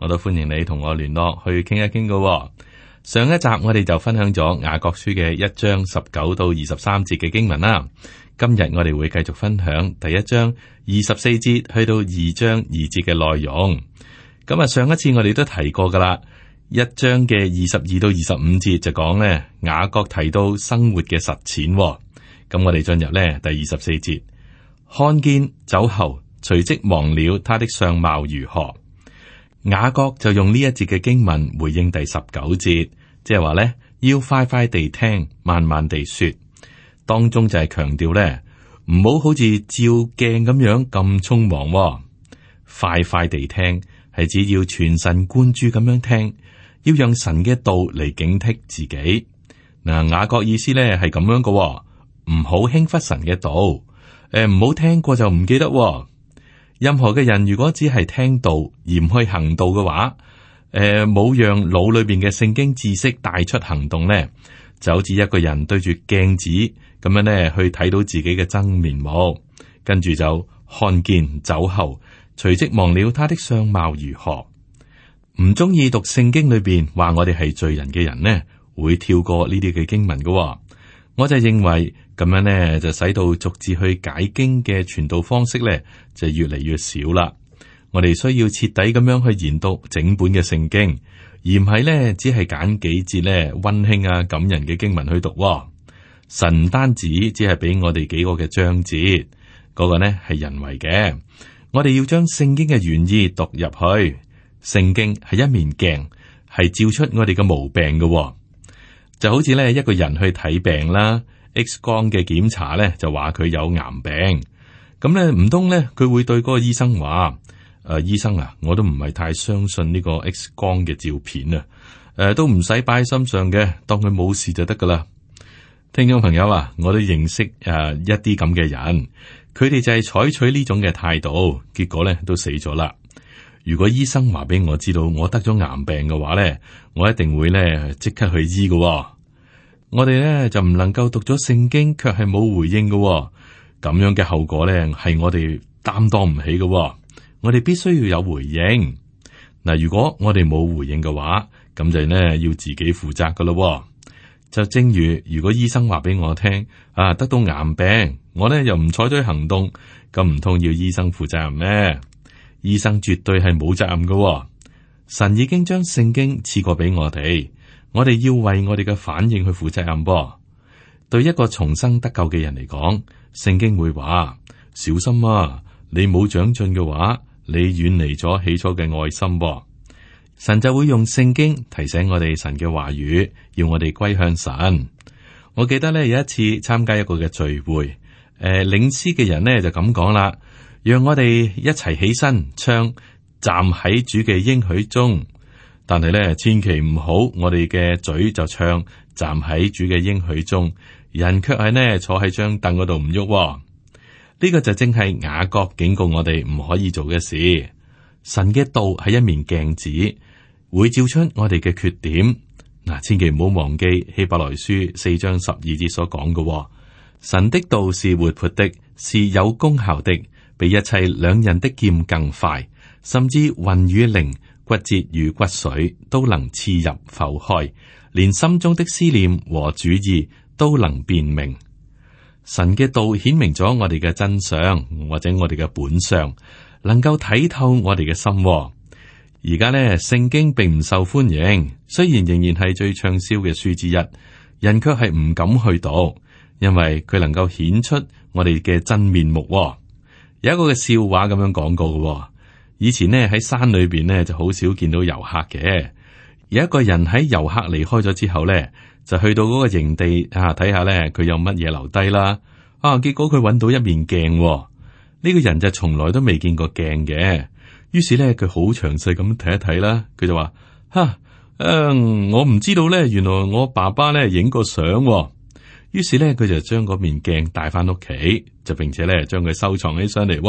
我都歡迎你同我聯絡去傾一傾噶喎。上一集我哋就分享咗雅各書嘅一章十九到二十三節嘅經文啦。今日我哋會繼續分享第一章二十四節去到二章二節嘅內容。咁啊，上一次我哋都提過噶啦，一章嘅二十二到二十五節就講呢，雅各提到生活嘅實踐喎。咁我哋進入呢第二十四節，看見走後，隨即忘了他的相貌如何。雅各就用呢一節嘅經文回應第十九節，即係話咧，要快快地聽，慢慢地說，當中就係強調咧唔好好似照鏡咁樣咁匆忙、哦，快快地聽係指要全神貫注咁樣聽，要讓神嘅道嚟警惕自己。嗱，雅各意思咧係咁樣㗎、哦，唔好輕忽神嘅道，誒、呃，唔好聽過就唔記得、哦。任何嘅人如果只係聽道而唔去行道嘅話，誒、呃，冇讓腦裏邊嘅聖經知識帶出行動咧，就好似一個人對住鏡子咁樣咧，去睇到自己嘅真面目，跟住就看見走後，隨即忘了他的相貌如何。唔中意讀聖經裏邊話我哋係罪人嘅人咧，會跳過呢啲嘅經文嘅、哦。我就認為咁樣呢，就使到逐字去解經嘅傳道方式呢，就越嚟越少啦。我哋需要徹底咁樣去研讀整本嘅聖經，而唔係呢，只係揀幾節呢溫馨啊感人嘅經文去讀喎。神唔單止只係俾我哋幾個嘅章節，嗰個呢係人為嘅。我哋要將聖經嘅原意讀入去，聖經係一面鏡，係照出我哋嘅毛病嘅喎。就好似咧一個人去睇病啦，X 光嘅檢查咧就話佢有癌病，咁咧唔通，咧佢會對嗰個醫生話：誒、呃，醫生啊，我都唔係太相信呢個 X 光嘅照片啊，誒、呃，都唔使擺喺心上嘅，當佢冇事就得噶啦。聽眾朋友啊，我都認識誒、呃、一啲咁嘅人，佢哋就係採取呢種嘅態度，結果咧都死咗啦。如果醫生話俾我知道我得咗癌病嘅話咧，我一定會咧即刻去醫嘅。我哋咧就唔能夠讀咗聖經卻係冇回應嘅。咁樣嘅後果咧係我哋擔當唔起嘅。我哋必須要有回應。嗱，如果我哋冇回應嘅話，咁就咧要自己負責噶咯。就正如如果醫生話俾我聽啊，得到癌病，我咧又唔採取行動，咁唔通要醫生負責任咩？醫生絕對係冇責任噶、哦，神已經將聖經賜過俾我哋，我哋要為我哋嘅反應去負責任。噃，對一個重生得救嘅人嚟講，聖經會話，小心啊，你冇長進嘅話，你遠離咗起初嘅愛心。神就會用聖經提醒我哋，神嘅話語，要我哋歸向神。我記得咧有一次參加一個嘅聚會，誒、呃，領師嘅人咧就咁講啦。讓我哋一齊起，起身唱，站喺主嘅應許中。但係咧，千祈唔好我哋嘅嘴就唱站喺主嘅應許中，人卻係呢坐喺張凳嗰度唔喐。呢、呢個就正係雅各警告我哋唔可以做嘅事。神嘅道係一面鏡子，會照出我哋嘅缺點。嗱，千祈唔好忘記希伯來書四章十二節所講嘅、哦，神的道是活潑的，是有功效的。比一切兩刃的劍更快，甚至魂與靈，骨節與骨髓都能刺入剖開，連心中的思念和主意都能辨明。神嘅道顯明咗我哋嘅真相，或者我哋嘅本相，能夠睇透我哋嘅心，哦。而家呢聖經並唔受歡迎，雖然仍然係最暢銷嘅書之一，人卻係唔敢去讀，因為佢能夠顯出我哋嘅真面目，哦。有一個嘅笑話咁樣講過嘅，以前呢，喺山裏邊呢就好少見到遊客嘅。有一個人喺遊客離開咗之後呢，就去到嗰個營地吓睇、啊、下呢，佢有乜嘢留低啦。啊，結果佢揾到一面鏡，呢、呢個人就從來都未見過鏡嘅。於是呢，佢好詳細咁睇一睇啦，佢就話：，吓，誒，我唔知道呢，原來我爸爸呢影過相。於是咧，佢就將嗰面鏡帶翻屋企，就並且咧將佢收藏起上嚟。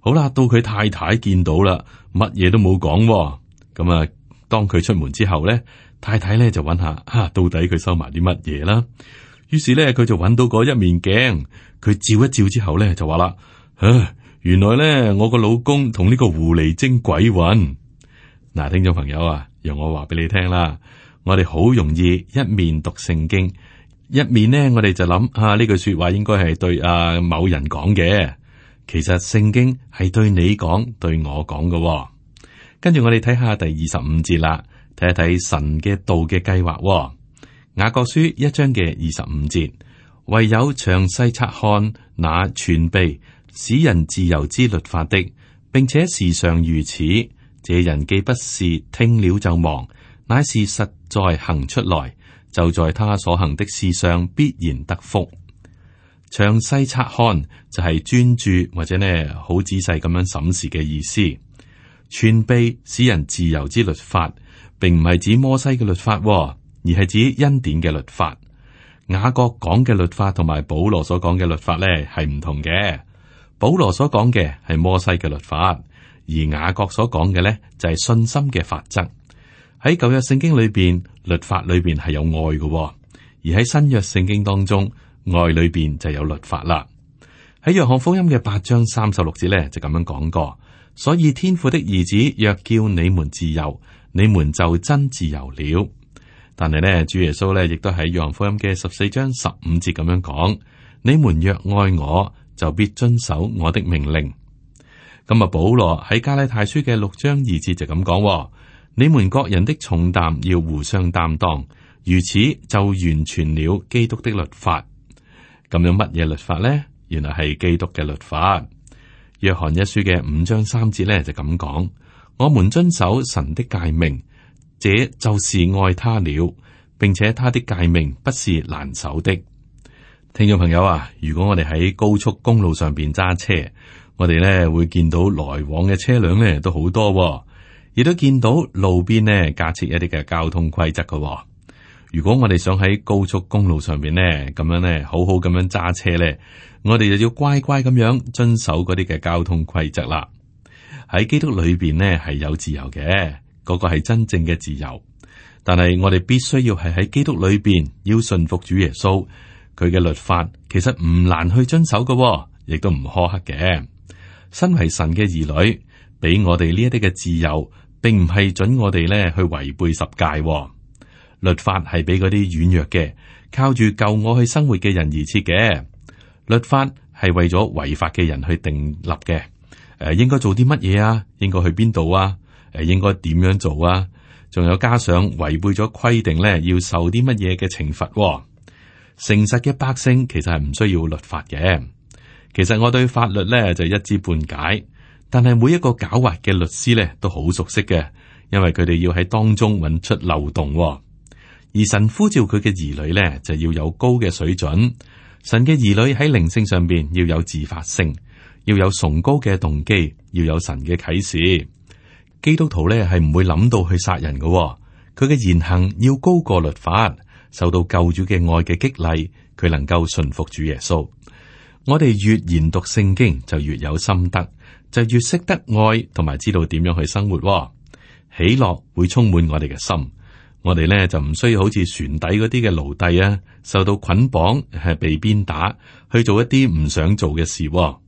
好啦，到佢太太見到啦，乜嘢都冇講。咁啊，當佢出門之後咧，太太咧就揾下啊到底佢收埋啲乜嘢啦。於是咧，佢就揾到個一面鏡，佢照一照之後咧就話啦，啊：原來咧我個老公同呢個狐狸精鬼混。嗱，聽眾朋友啊，讓我話俾你聽啦，我哋好容易一面讀聖經。一面呢，我哋就諗吓呢句說話應該係對啊某人講嘅。其實聖經係對你講、對我講嘅、哦。跟住我哋睇下第二十五節啦，睇一睇神嘅道嘅計劃、哦。雅各書一章嘅二十五節，唯有詳細察看那全備使人自由之律法的，並且時常如此。這人既不是聽了就忘，乃是實在行出來。就在他所行的事上必然得福。詳細察看就係專注或者呢好仔細咁樣審視嘅意思。全備使人自由之律法，並唔係指摩西嘅律法，而係指恩典嘅律法。雅各講嘅律法同埋保羅所講嘅律法呢，係唔同嘅。保羅所講嘅係摩西嘅律法，而雅各所講嘅呢，就係信心嘅法則。喺舊約聖經裏邊，律法裏邊係有愛嘅，哦，而喺新約聖經當中愛裏邊就有律法啦。喺約翰福音嘅八章三十六節咧就咁樣講過，所以天父的兒子若叫你們自由，你們就真自由了。但係咧，主耶穌咧亦都喺約翰福音嘅十四章十五節咁樣講：你們若愛我，就必遵守我的命令。咁、嗯、啊，保羅喺加拉太書嘅六章二節就咁講、哦。你們各人的重擔要互相擔當，如此就完全了基督的律法。咁有乜嘢律法呢？原來係基督嘅律法。約翰一書嘅五章三節咧就咁講：我們遵守神的誡命，這就是愛他了，並且他的誡命不是難守的。聽眾朋友啊，如果我哋喺高速公路上面揸車，我哋咧會見到來往嘅車輛咧都好多哦。亦都見到路邊呢架設一啲嘅交通規則㗎喎。如果我哋想喺高速公路上面呢，咁樣呢好好咁樣揸車呢，我哋就要乖乖咁樣遵守嗰啲嘅交通規則啦。喺基督裏邊呢係有自由嘅，嗰個係真正嘅自由。但係我哋必須要係喺基督裏邊要信服主耶穌，佢嘅律法其實唔難去遵守㗎喎，亦都唔苛刻嘅。身為神嘅兒女，俾我哋呢一啲嘅自由。並唔係准我哋咧去違背十戒、哦，律法係俾嗰啲軟弱嘅，靠住救我去生活嘅人而設嘅。律法係為咗違法嘅人去定立嘅。誒、呃，應該做啲乜嘢啊？應該去邊度啊？誒、呃，應該點樣做啊？仲有加上違背咗規定咧，要受啲乜嘢嘅懲罰？誠實嘅百姓其實係唔需要律法嘅。其實我對法律咧就一知半解。但係每一個狡猾嘅律師咧，都好熟悉嘅，因為佢哋要喺當中揾出漏洞，哦。而神呼召佢嘅兒女咧，就要有高嘅水準。神嘅兒女喺靈性上邊要有自發性，要有崇高嘅動機，要有神嘅啟示。基督徒咧係唔會諗到去殺人嘅，哦，佢嘅言行要高過律法，受到救主嘅愛嘅激勵，佢能夠順服主耶穌。我哋越研讀聖經，就越有心得，就越識得愛，同埋知道點樣去生活、哦，喜樂會充滿我哋嘅心。我哋咧就唔需要好似船底嗰啲嘅奴隸啊，受到捆綁係被鞭打去做一啲唔想做嘅事、哦。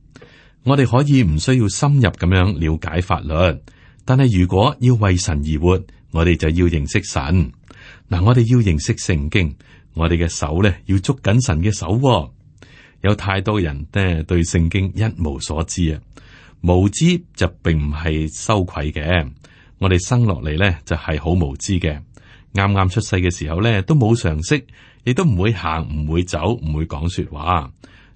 我哋可以唔需要深入咁樣了解法律，但係如果要為神而活，我哋就要認識神。嗱，我哋要認識聖經，我哋嘅手咧要捉緊神嘅手、哦。有太多人咧對聖經一無所知啊。無知就並唔係羞愧嘅。我哋生落嚟咧，就係好無知嘅。啱啱出世嘅時候咧，都冇常識，亦都唔會行，唔會走，唔會講說話。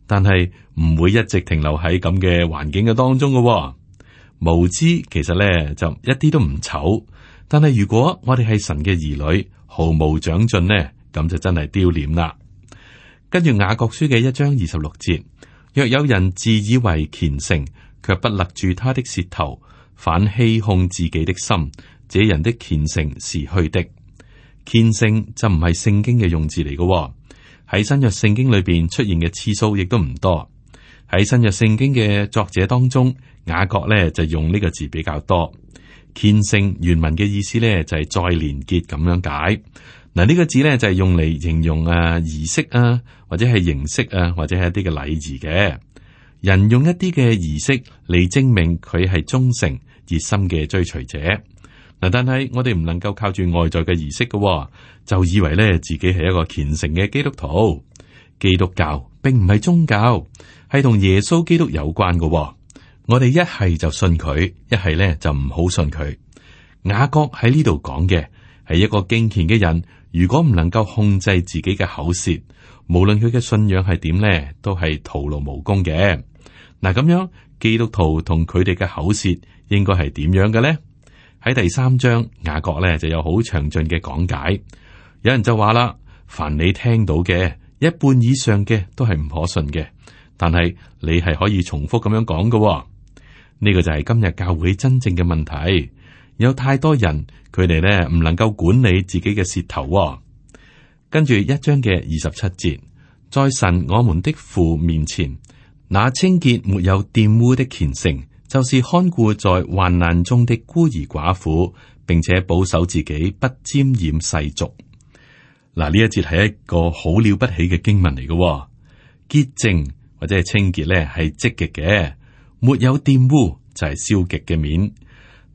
但係唔會一直停留喺咁嘅環境嘅當中嘅、哦。無知其實咧就一啲都唔醜。但係如果我哋係神嘅兒女，毫無長進呢，咁就真係丟臉啦。跟住雅各書嘅一章二十六節，若有人自以為虔誠。卻不勒住他的舌頭，反欺哄自己的心。這人的虔誠是虛的。虔誠就唔係聖經嘅用字嚟嘅、哦，喺新約聖經裏邊出現嘅次數亦都唔多。喺新約聖經嘅作者當中，雅各咧就用呢個字比較多。虔誠原文嘅意思咧就係再連結咁樣解。嗱、這、呢個字咧就係用嚟形容啊儀式啊或者係形式啊或者係一啲嘅禮儀嘅。人用一啲嘅儀式嚟證明佢係忠誠熱心嘅追隨者嗱，但係我哋唔能夠靠住外在嘅儀式㗎喎，就以為咧自己係一個虔誠嘅基督徒。基督教並唔係宗教，係同耶穌基督有關㗎喎。我哋一係就信佢，一係咧就唔好信佢。雅各喺呢度講嘅係一個敬虔嘅人，如果唔能夠控制自己嘅口舌。無論佢嘅信仰係點咧，都係徒勞無功嘅。嗱，咁樣，基督徒同佢哋嘅口舌應該係點樣嘅咧？喺第三章雅各咧就有好詳盡嘅講解。有人就話啦：「凡你聽到嘅一半以上嘅都係唔可信嘅，但係你係可以重複咁樣講嘅。」呢、這個就係今日教會真正嘅問題。有太多人佢哋咧唔能夠管理自己嘅舌頭。跟住一章嘅二十七節，在神我們的父面前，那清潔沒有玷污的虔誠，就是看顧在患難中的孤兒寡婦，並且保守自己，不沾染世俗。嗱，呢一節係一個好了不起嘅經文嚟嘅，潔淨或者係清潔咧係積極嘅，沒有玷污就係消極嘅面。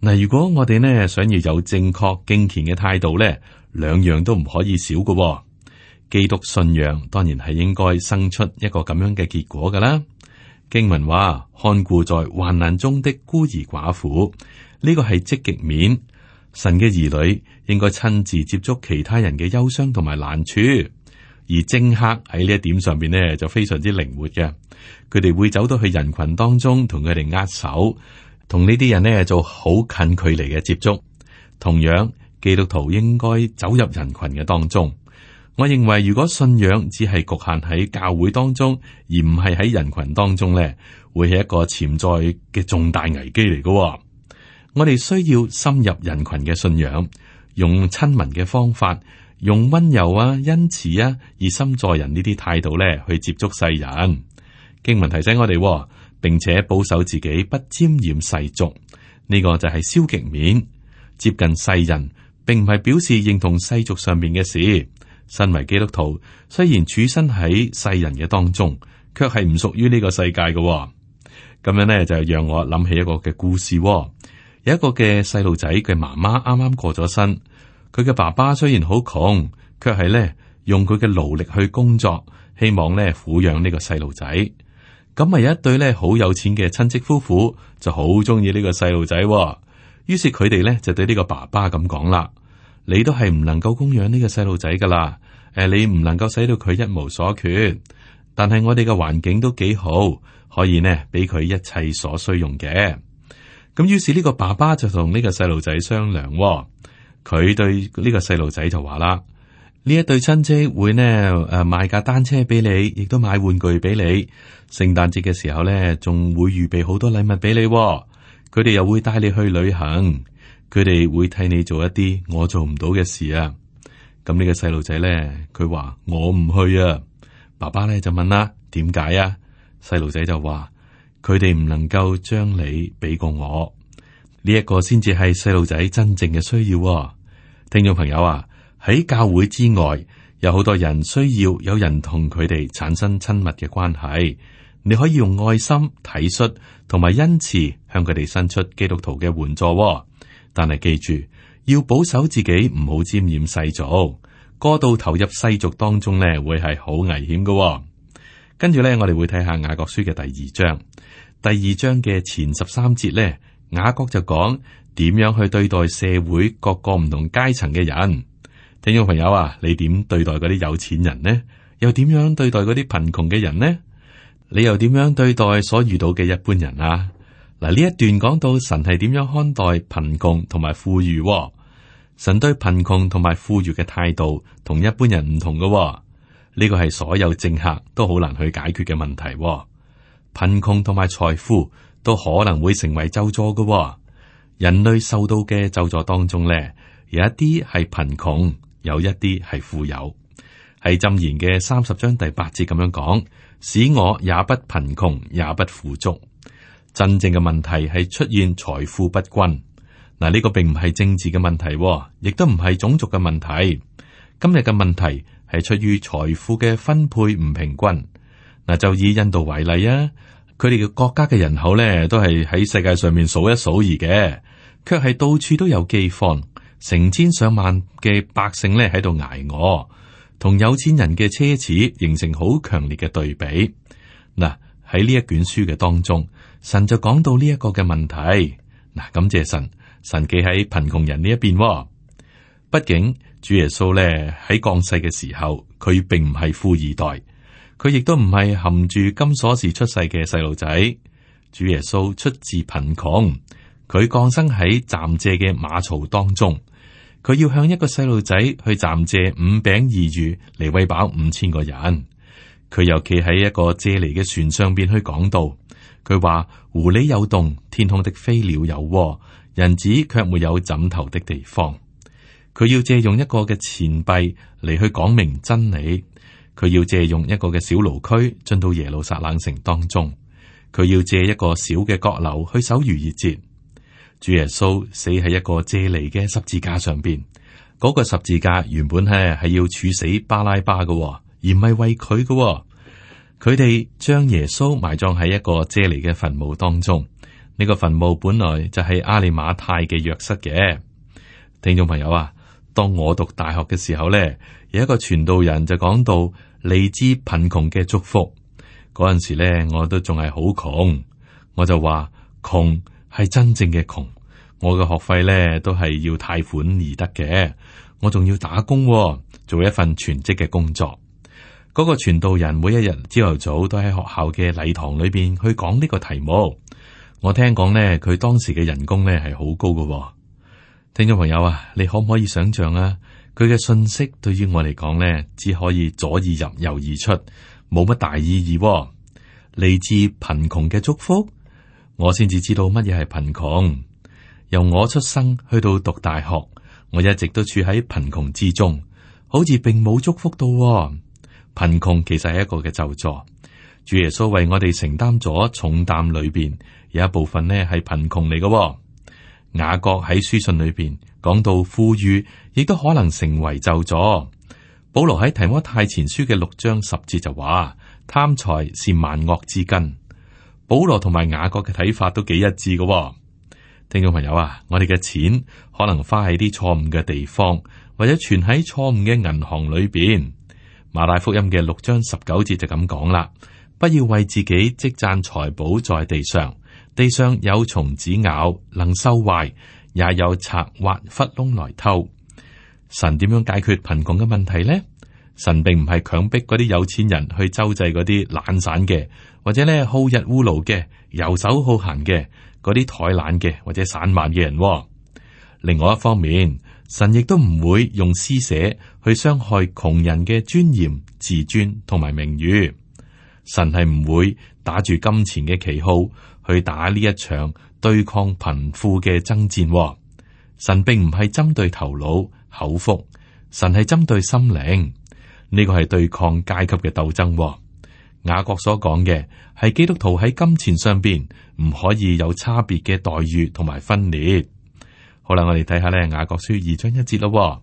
嗱，如果我哋呢想要有正確敬虔嘅態度咧，兩樣都唔可以少嘅。基督信仰當然係應該生出一個咁樣嘅結果噶啦。經文話，看顧在患難中的孤兒寡婦，呢、這個係積極面。神嘅兒女應該親自接觸其他人嘅憂傷同埋難處，而政客喺呢一點上邊呢，就非常之靈活嘅。佢哋會走到去人群當中，同佢哋握手，同呢啲人呢做好近距離嘅接觸。同樣，基督徒應該走入人群嘅當中。我認為如果信仰只係局限喺教會當中，而唔係喺人群當中咧，會係一個潛在嘅重大危機嚟。噶我哋需要深入人群嘅信仰，用親民嘅方法，用溫柔啊、恩慈啊、以心助人呢啲態度咧去接觸世人。經文提醒我哋，並且保守自己，不沾染世俗。呢、這個就係消極面接近世人，並唔係表示認同世俗上面嘅事。身為基督徒，雖然處身喺世人嘅當中，卻係唔屬於呢個世界嘅、哦。咁樣咧就讓我諗起一個嘅故事、哦。有一個嘅細路仔嘅媽媽啱啱過咗身，佢嘅爸爸雖然好窮，卻係咧用佢嘅勞力去工作，希望咧撫養呢個細路仔。咁啊有一對咧好有錢嘅親戚夫婦就好中意呢個細路仔，於是佢哋咧就對呢個爸爸咁講啦。你都係唔能夠供養呢個細路仔噶啦，誒，你唔能夠使到佢一無所缺，但係我哋嘅環境都幾好，可以呢俾佢一切所需用嘅。咁於是呢個爸爸就同呢個細路仔商量，哦，佢對呢個細路仔就話啦：呢一對親戚會呢誒買架單車俾你，亦都買玩具俾你，聖誕節嘅時候呢仲會預備好多禮物俾你，哦，佢哋又會帶你去旅行。佢哋會替你做一啲我做唔到嘅事啊。咁呢個細路仔咧，佢話我唔去啊。爸爸咧就問啦，點解、這個、啊？細路仔就話佢哋唔能夠將你俾過我，呢一個先至係細路仔真正嘅需要。聽眾朋友啊，喺教會之外，有好多人需要有人同佢哋產生親密嘅關係。你可以用愛心體恤同埋恩慈向佢哋伸出基督徒嘅援助啊。但係記住，要保守自己，唔好沾染世俗，過度投入世俗當中呢，會係好危險噶喎。跟住呢，我哋會睇下雅各書嘅第二章，第二章嘅前十三節呢，雅各就講點樣去對待社會各個唔同階層嘅人。聽眾朋友啊，你點對待嗰啲有錢人呢？又點樣對待嗰啲貧窮嘅人呢？你又點樣對待所遇到嘅一般人啊？嗱，呢一段講到神係點樣看待貧窮同埋富裕，哦，神對貧窮同埋富裕嘅態度同一般人唔同嘅，哦。呢個係所有政客都好難去解決嘅問題，哦。貧窮同埋財富都可能會成為咒詛嘅，哦。人類受到嘅咒詛當中呢，有一啲係貧窮，有一啲係富有。係箴言嘅三十章第八節咁樣講，使我也不貧窮，也不富足。真正嘅問題係出現財富不均。嗱，呢個並唔係政治嘅問題，亦都唔係種族嘅問題。今日嘅問題係出於財富嘅分配唔平均。嗱，就以印度為例啊，佢哋嘅國家嘅人口咧都係喺世界上面數一數二嘅，卻係到處都有饑荒，成千上萬嘅百姓咧喺度挨餓，同有錢人嘅奢侈形成好強烈嘅對比。嗱，喺呢一卷書嘅當中。神就講到呢一個嘅問題，嗱，感謝神，神記喺貧窮人呢一邊。畢竟主耶穌咧喺降世嘅時候，佢並唔係富二代，佢亦都唔係含住金鎖匙出世嘅細路仔。主耶穌出自貧窮，佢降生喺暫借嘅馬槽當中，佢要向一個細路仔去暫借五餅二魚嚟餵飽五千個人。佢又企喺一個借嚟嘅船上邊去講道。佢話狐狸有洞，天空的飛鳥有窩，人子卻沒有枕頭的地方。佢要借用一個嘅錢幣嚟，去講明真理。佢要借用一個嘅小驢駒進到耶路撒冷城當中。佢要借一個小嘅閣樓去守逾越節。主耶穌死喺一個借嚟嘅十字架上邊。嗰、那個十字架原本咧係要處死巴拉巴嘅，而唔係為佢嘅。佢哋將耶穌埋葬喺一個借嚟嘅墳墓當中，呢、這個墳墓本來就係阿里馬太嘅約瑟嘅。聽眾朋友啊，當我讀大學嘅時候咧，有一個傳道人就講到利之貧窮嘅祝福。嗰陣時咧，我都仲係好窮，我就話窮係真正嘅窮。我嘅學費咧都係要貸款而得嘅，我仲要打工、啊、做一份全職嘅工作。嗰個傳道人每一日朝頭早都喺學校嘅禮堂裏邊去講呢個題目。我聽講咧，佢當時嘅人工咧係好高㗎喎。聽眾朋友啊，你可唔可以想象啊？佢嘅信息對於我嚟講咧，只可以左耳入右耳出，冇乜大意義喎。嚟自貧窮嘅祝福。我先至知道乜嘢係貧窮。由我出生去到讀大學，我一直都處喺貧窮之中，好似並冇祝福到喎。貧窮其實係一個嘅咒詛。主耶穌為我哋承擔咗重擔裡面，裏邊有一部分呢係貧窮嚟嘅。雅各喺書信裏邊講到，富裕亦都可能成為咒詛。保羅喺提摩太前書嘅六章十節就話：貪財是萬惡之根。保羅同埋雅各嘅睇法都幾一致嘅，哦。聽眾朋友啊，我哋嘅錢可能花喺啲錯誤嘅地方，或者存喺錯誤嘅銀行裏邊。馬太福音嘅六章十九節就咁講啦，不要為自己積攢財寶在地上，地上有蟲子咬，能收壞，也有賊挖窟窿來偷。神點樣解決貧窮嘅問題呢？神並唔係強迫嗰啲有錢人去周濟嗰啲懶散嘅，或者咧好逸惡勞嘅、遊手好閒嘅嗰啲怠懶嘅或者散漫嘅人，哦。另外一方面，神亦都唔會用施捨。去傷害窮人嘅尊嚴、自尊同埋名譽，神係唔會打住金錢嘅旗號去打呢一場對抗貧富嘅爭戰。神並唔係針對頭腦、口腹，神係針對心靈。呢個係對抗階級嘅鬥爭。雅各所講嘅係基督徒喺金錢上邊唔可以有差別嘅待遇同埋分裂。好啦，我哋睇下咧，雅各書二章一節咯。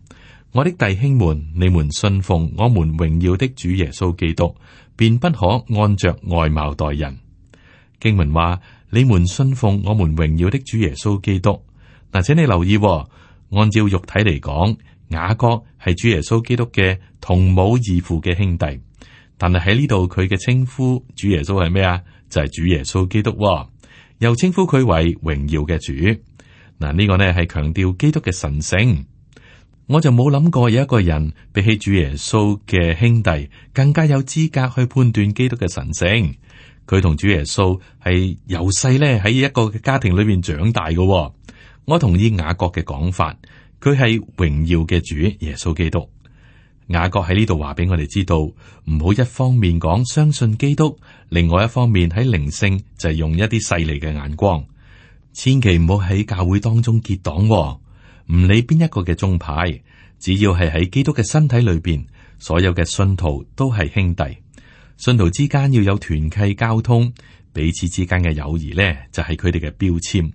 我的弟兄們，你們信奉我們榮耀的主耶穌基督，便不可按着外貌待人。經文話：你們信奉我們榮耀的主耶穌基督。嗱，請你留意、哦，按照肉體嚟講，雅各係主耶穌基督嘅同母異父嘅兄弟，但係喺呢度佢嘅稱呼主耶穌係咩啊？就係、是、主耶穌基督、哦，又稱呼佢為榮耀嘅主。嗱，呢個呢係強調基督嘅神聖。我就冇諗過有一個人比起主耶穌嘅兄弟更加有資格去判斷基督嘅神聖。佢同主耶穌係由細咧喺一個家庭裏邊長大嘅、哦。我同意雅各嘅講法，佢係榮耀嘅主耶穌基督。雅各喺呢度話俾我哋知道，唔好一方面講相信基督，另外一方面喺靈性就係用一啲勢利嘅眼光，千祈唔好喺教會當中結黨、哦。唔理邊一個嘅宗派，只要係喺基督嘅身體裏邊，所有嘅信徒都係兄弟。信徒之間要有團契交通，彼此之間嘅友誼呢，就係佢哋嘅標籤。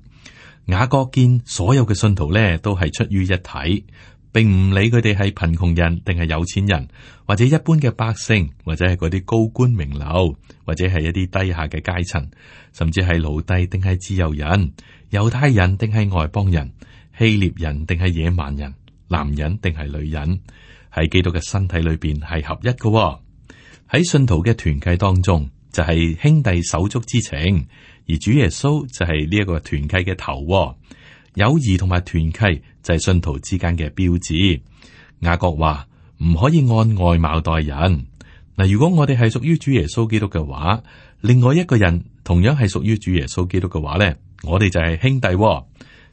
雅各見所有嘅信徒呢，都係出於一體，並唔理佢哋係貧窮人定係有錢人，或者一般嘅百姓，或者係嗰啲高官名流，或者係一啲低下嘅階層，甚至係奴隸定係自由人，猶太人定係外邦人。希臘人定係野蠻人，男人定係女人，喺基督嘅身體裏邊係合一嘅，哦。喺信徒嘅團契當中，就係、是、兄弟手足之情，而主耶穌就係呢一個團契嘅頭，哦。友誼同埋團契就係信徒之間嘅標誌。雅各話唔可以按外貌待人。嗱，如果我哋係屬於主耶穌基督嘅話，另外一個人同樣係屬於主耶穌基督嘅話咧，我哋就係兄弟，哦。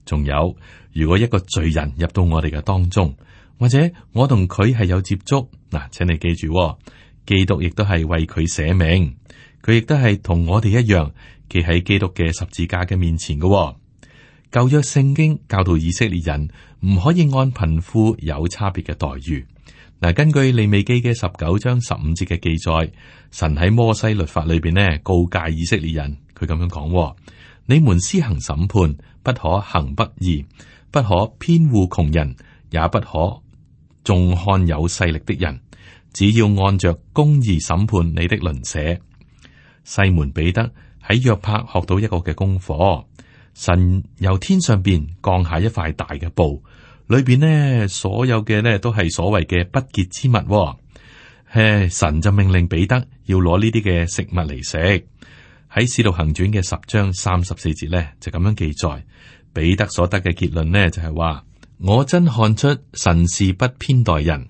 仲有，如果一個罪人入到我哋嘅當中，或者我同佢係有接觸，嗱，請你記住，哦，基督亦都係為佢寫名，佢亦都係同我哋一樣，企喺基督嘅十字架嘅面前嘅，哦。舊約聖經教導以色列人唔可以按貧富有差別嘅待遇。嗱，根據利未記嘅十九章十五節嘅記載，神喺摩西律法裏邊呢告誡以色列人，佢咁樣講：你們施行審判。不可行不義，不可偏護窮人，也不可重看有勢力的人。只要按着公義審判你的鄰舍。西門彼得喺約帕學到一個嘅功課，神由天上邊降下一塊大嘅布，裏邊呢所有嘅呢都係所謂嘅不潔之物。嘿，神就命令彼得要攞呢啲嘅食物嚟食。喺《使徒行傳》嘅十章三十四節呢，就咁樣記載，彼得所得嘅結論呢，就係話：我真看出神是不偏待人。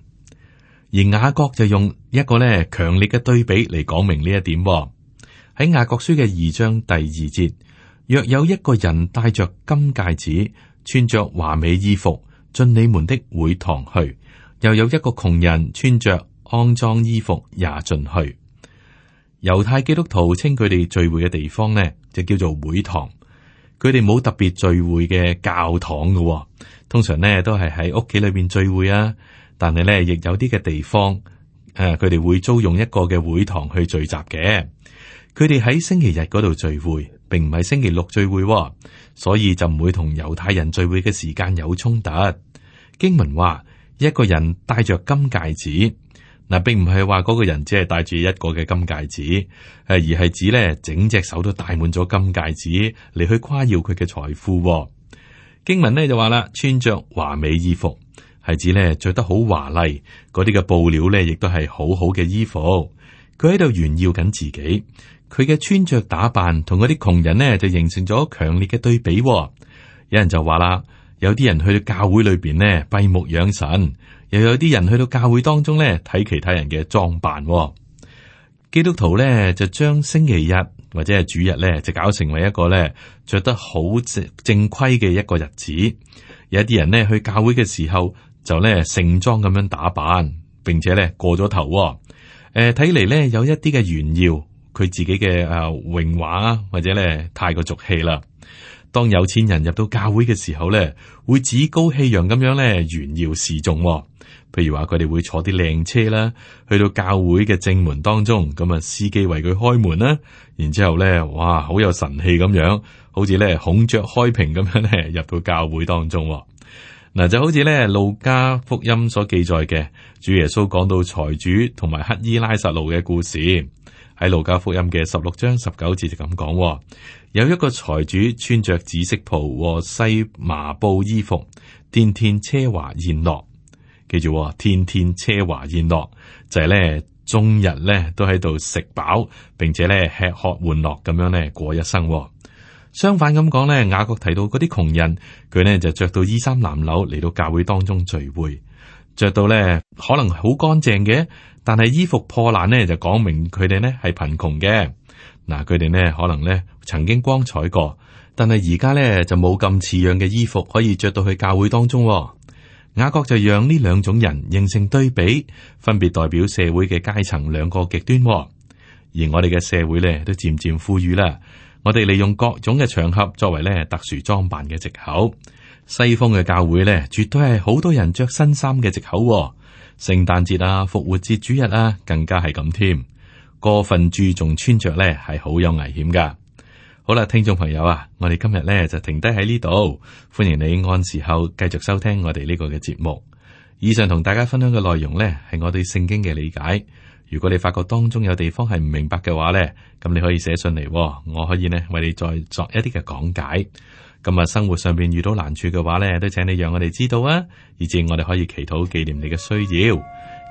而雅各就用一個呢強烈嘅對比嚟講明呢一點。喺雅各書嘅二章第二節，若有一個人戴着金戒指，穿着華美衣服，進你們的會堂去，又有一個窮人穿着骯髒衣服也進去。猶太基督徒稱佢哋聚會嘅地方咧，就叫做會堂。佢哋冇特別聚會嘅教堂噶、哦，通常咧都係喺屋企裏面聚會啊。但係咧，亦有啲嘅地方，誒、啊，佢哋會租用一個嘅會堂去聚集嘅。佢哋喺星期日嗰度聚會，並唔係星期六聚會、哦，所以就唔會同猶太人聚會嘅時間有衝突。經文話，一個人戴着金戒指。嗱，並唔係話嗰個人只係戴住一個嘅金戒指，誒，而係指咧整隻手都戴滿咗金戒指嚟,去誇耀佢嘅財富。經文咧就話啦，穿着華美衣服，係指咧着得好華麗，嗰啲嘅布料咧亦都係好好嘅衣服。佢喺度炫耀緊自己，佢嘅穿着打扮同嗰啲窮人咧就形成咗強烈嘅對比。有人就話啦，有啲人去到教會裏邊咧閉目養神。又有啲人去到教會當中咧，睇其他人嘅裝扮、哦。基督徒咧就將星期日或者係主日咧，就搞成為一個咧着得好正正規嘅一個日子。有啲人呢去教會嘅時候，就咧盛裝咁樣打扮，並且咧過咗頭、哦。誒、呃，睇嚟咧有一啲嘅炫耀佢自己嘅誒、呃、榮華啊，或者咧太過俗氣啦。當有錢人入到教會嘅時候咧，會趾高氣揚咁樣咧炫耀示眾、哦。譬如話佢哋會坐啲靚車啦，去到教會嘅正門當中，咁啊司機為佢開門啦。然之後咧，哇，好有神氣咁樣，好似咧孔雀開屏咁樣咧入到教會當中嗱、啊，就好似咧路加福音所記載嘅主耶穌講到財主同埋乞衣拉撒路嘅故事。喺路加福音嘅十六章十九節就咁講，有一個財主穿着紫色袍和西麻布衣服，天天奢華宴樂。」記住、哦，天天奢華宴樂就係、是、咧，終日咧都喺度食飽，並且咧吃喝玩樂咁樣咧過一生、哦。相反咁講咧，雅各提到嗰啲窮人，佢咧就着到衣衫襤褸嚟到教會當中聚會，着到咧可能好乾淨嘅，但係衣服破爛咧就講明佢哋咧係貧窮嘅。嗱，佢哋咧可能咧曾經光彩過，但係而家咧就冇咁似樣嘅衣服可以着到去教會當中、哦。雅各就讓呢兩種人形成對比，分別代表社會嘅階層兩個極端。而我哋嘅社會咧都漸漸富裕啦。我哋利用各種嘅場合作為咧特殊裝扮嘅借口。西方嘅教會咧絕對係好多人着新衫嘅借口。聖誕節啊，復活節主日啊，更加係咁添。過分注重穿着咧係好有危險噶。好啦，聽眾朋友啊，我哋今日咧就停低喺呢度。歡迎你按時候繼續收聽我哋呢個嘅節目。以上同大家分享嘅內容呢，係我對聖經嘅理解。如果你發覺當中有地方係唔明白嘅話呢，咁你可以寫信嚟，我可以呢為你再作一啲嘅講解。咁啊，生活上面遇到難處嘅話呢，都請你讓我哋知道啊，以至我哋可以祈禱紀念你嘅需要。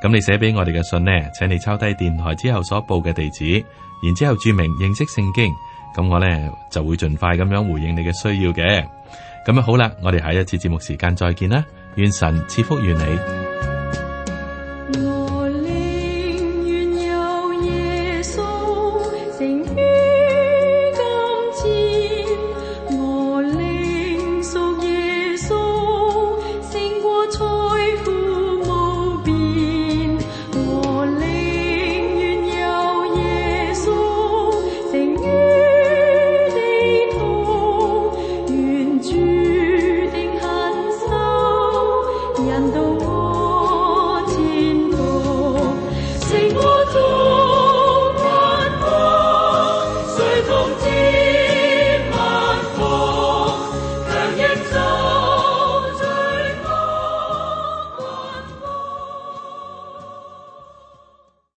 咁你寫俾我哋嘅信呢，請你抄低電台之後所報嘅地址，然之後注明認識聖經。咁我呢就會盡快咁樣回應你嘅需要嘅，咁樣好啦，我哋下一次節目時間再見啦，願神賜福於你。